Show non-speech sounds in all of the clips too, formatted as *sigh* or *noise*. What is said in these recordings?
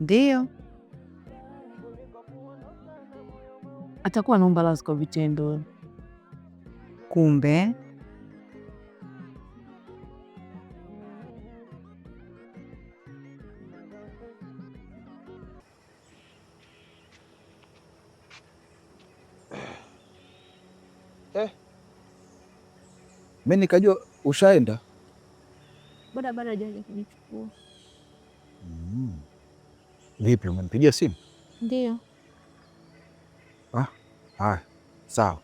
ndio hmm? atakuwa naomba lazi kwa vitendo. Kumbe eh. mi nikajua ushaenda. bada bada, jaja kujichukua. Mm. Vipi, umempigia simu? Ndio. Ah, haya sawa.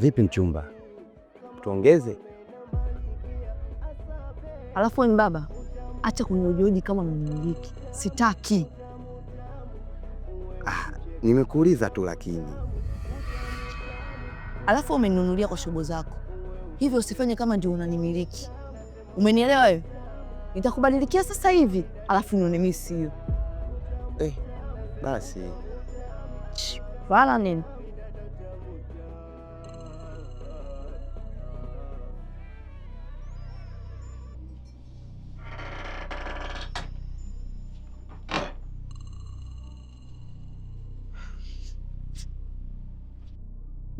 Vipi mchumba, tuongeze? Alafu we mbaba, acha kunihojihoji kama mmiliki, sitaki. Ah, nimekuuliza tu lakini alafu umeninunulia kwa shobo zako, hivyo usifanye kama ndio unanimiliki. Umenielewa wewe? Nitakubadilikia sasa hivi, alafu nione mimi sio. Eh, basi wala nini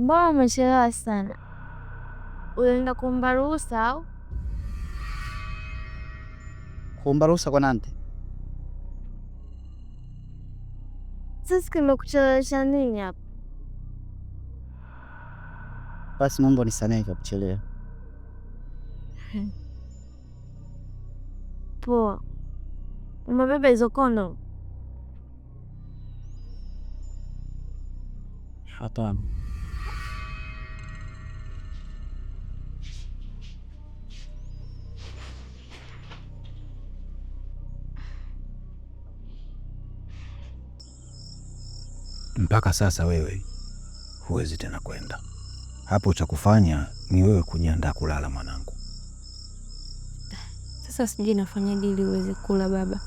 Mbona umechelewa sana? Ulienda kuomba ruhusa au? Kuomba ruhusa kwa nani? Sasa kimekuchelewesha nini hapa? Basi Mungu anisamehe kuchelewa. *laughs* Poa. Umebeba hizo kondo? Hapana. mpaka sasa wewe huwezi tena kwenda hapo. Cha kufanya ni wewe kujiandaa kulala, mwanangu. Sasa sijui nafanyaje ili uweze kula baba.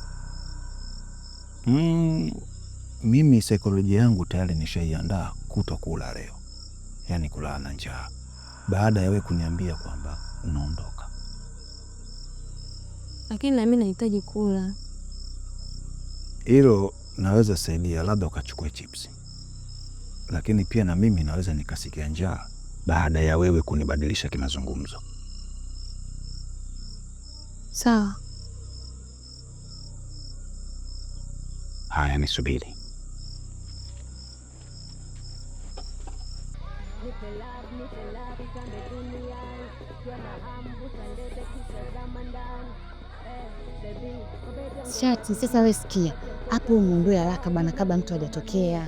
Mm, mimi saikolojia yangu tayari nishaiandaa kuto kula leo, yaani kulala na njaa, baada ya wewe kuniambia kwamba unaondoka. Lakini nami nahitaji kula. Hilo naweza saidia, labda ukachukue chipsi lakini pia na mimi naweza nikasikia njaa baada ya wewe kunibadilisha kimazungumzo. Sawa. Haya, nisubiri. Eh, Shati sasa, wesikia hapo, muondoe haraka bana, kabla mtu hajatokea.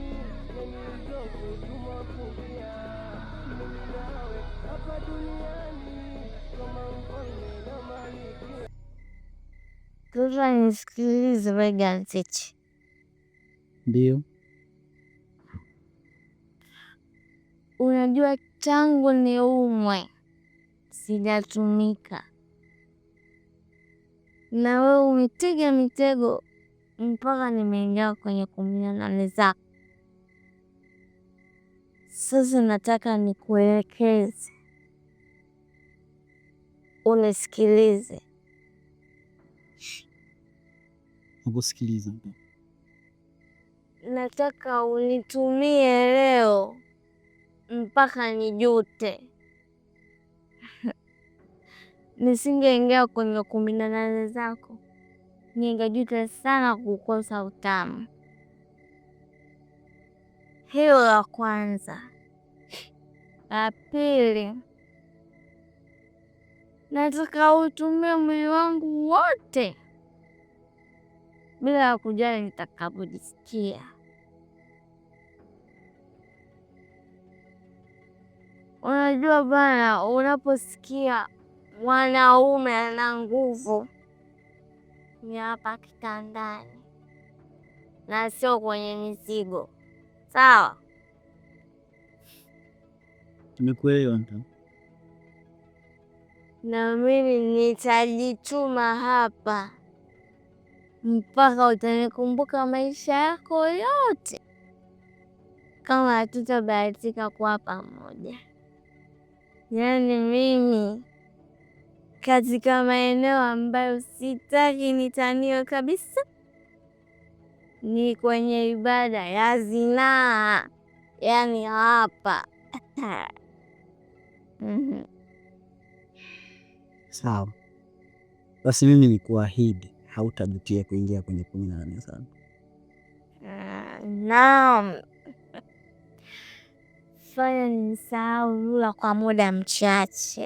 ndogo tumakumbia mimi nawe hapa duniani kama mfalme na malkia. Kuja nisikilize Vegantic. Ndio. Unajua, tangu umwe sijatumika, na wewe umetega mitego mpaka nimeingia kwenye kumi na nane zako. Sasa nataka nikuelekeze, unisikilize. Nakusikiliza. Nataka unitumie leo mpaka nijute. *laughs* Nisingeingia kwenye kumi na nane zako, ningejuta sana kukosa utamu hiyo la kwanza. La pili, nataka utumie mwili wangu wote bila ya kujali nitakapojisikia. Unajua bana, unaposikia mwanaume ana nguvu ni hapa kitandani na sio kwenye mizigo. Sawa, tumekuelewa. Na mimi nitajituma hapa mpaka utanikumbuka maisha yako yote, kama hatutabahatika kuwa pamoja. Yaani mimi katika maeneo ambayo sitaki nitaniwe kabisa ni kwenye ibada ya zinaa, yaani hapa *laughs* mhm. Sawa basi, mimi kuahidi hautajutia kuingia kwenye kumi na nane sana. Ah, naam, fanya nimsahau Lula kwa muda mchache,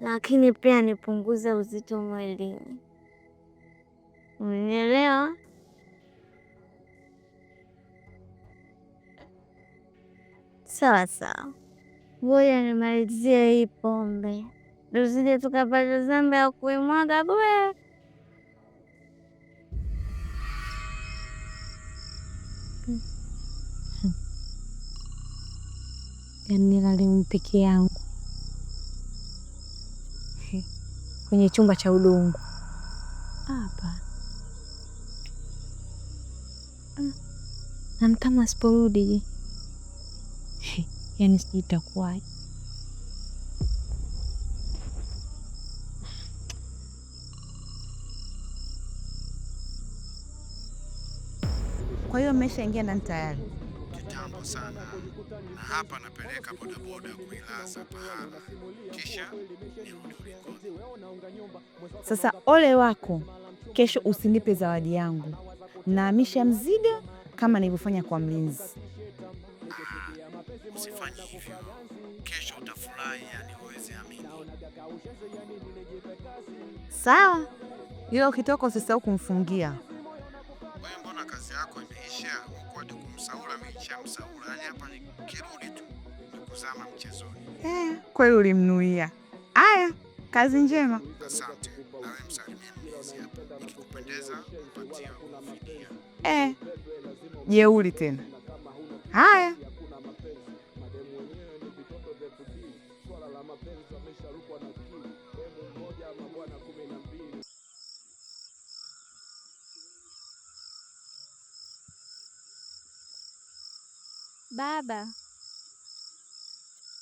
lakini pia nipunguze uzito mwilini, unielewa? sawa sawa, ngoja nimalizie hii pombe tusije tukapata zambi ya kuimwaga bwe. Hmm. Yani nilalimu yangu kwenye chumba cha udongo hapa ah. na kama siporudi *laughs* yani sijui itakuwaje. Kwa hiyo mmeshaingia ndani tayari? Kitambo sana, na hapa napeleka bodaboda kuilaza pahala, kisha nirudi Sasa ole wako, kesho usinipe zawadi yangu, naamisha mzigo kama nilivyofanya kwa mlinzi usifanye hivyo, kesho utafurahi, yani huwezi amini. Sawa, ila ukitoka usisahau kumfungia. Wewe mbona kazi yako imeisha huko, kumsaula meisha msaula, yani hapa nikirudi tu ni kuzama mchezoni. Eh, kweli ulimnuia. Aya, kazi njema. Asante. Na wewe msalimie mlezi hapa, ikikupendeza mpatia fidia. Eh, jeuli tena. Haya. Baba,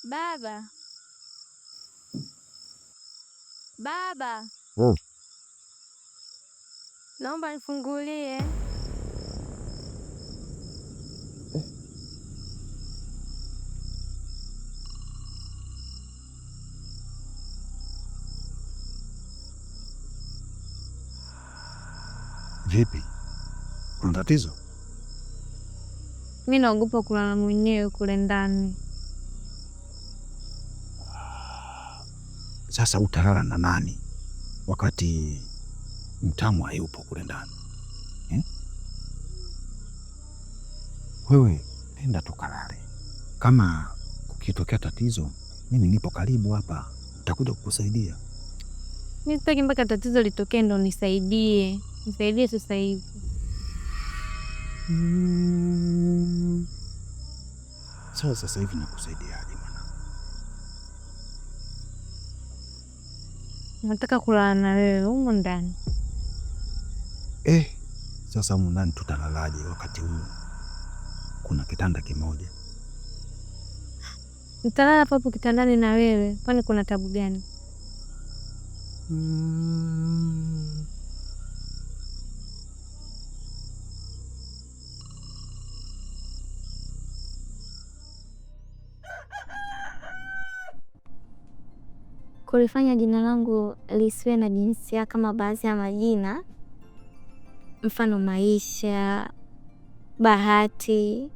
baba, baba, mm. Naomba nifungulie. Vipi, kuna tatizo? mi naogopa kulala mwenyewe kule ndani. Sasa utalala na nani wakati mtamu hayupo kule ndani eh? Wewe nenda tukalale, kama kukitokea tatizo mimi nipo karibu hapa, nitakuja kukusaidia. Mi sitaki mpaka tatizo litokee ndo nisaidie, nisaidie sasa hivi. Hmm. Sawa, sasa hivi nakusaidiaje mwanangu? Nataka kulala na wewe humu ndani. Eh, sasa humu ndani tutalalaje wakati huu kuna kitanda kimoja? Nitalala papo kitandani na wewe, kwani kuna tabu gani? mm. kulifanya jina langu lisiwe na jinsia kama baadhi ya majina, mfano Maisha, Bahati.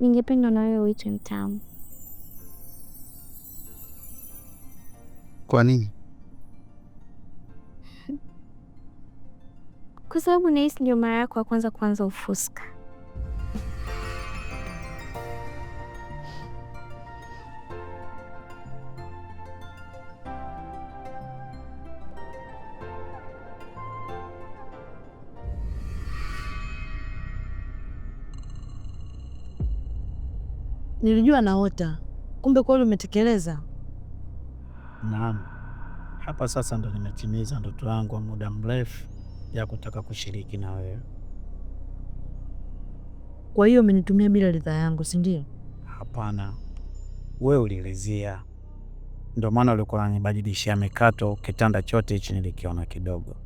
Ningependa na wewe uitwe Mtamu. Kwa nini? Kwa sababu nahisi ndio mara yako ya kwanza kuanza ufuska. Nilijua naota, kumbe kweli umetekeleza. Naam, hapa sasa ndo nimetimiza ndoto yangu wa muda mrefu ya kutaka kushiriki na wewe. Kwa hiyo umenitumia bila ridhaa yangu, si ndio? Hapana, wewe ulirizia ndio maana ulikuwa unanibadilishia mikato. Kitanda chote hichi nilikiona kidogo,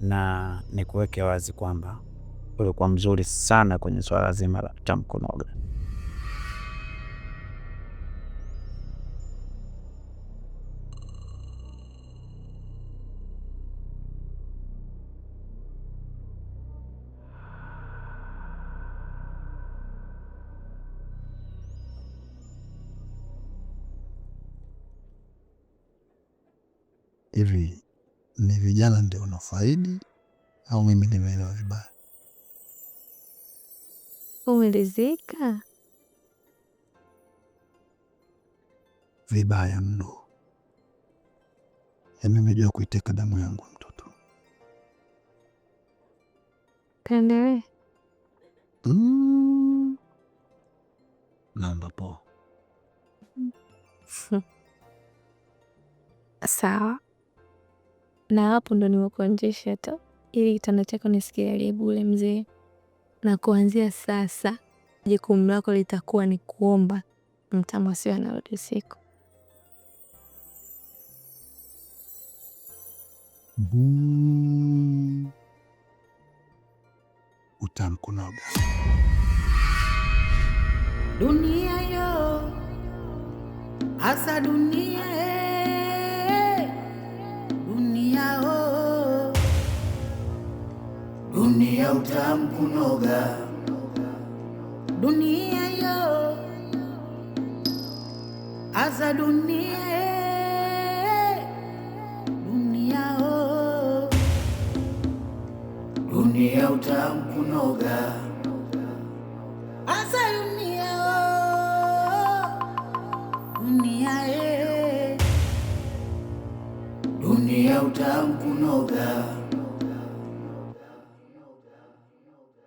na nikuweke wazi kwamba ulikuwa mzuri sana kwenye swala zima la tamkonoga. hivi ni vijana ndio unafaidi au mimi nimeelewa vibaya? Umelizika vibaya mno, yaani umejua kuiteka damu yangu mtoto. Pendelee mm. namba po *laughs* sawa na hapo ndo nimekuanzisha tu, ili kitanda chako nisikilalie bule mzee. Na kuanzia sasa jukumu lako litakuwa ni kuomba mtama sio anarudi usiku. Hmm. Utamkunaga dunia yo hasa dunia ya utamu kunoga. Dunia yo aza dunia dunia o dunia utamu kunoga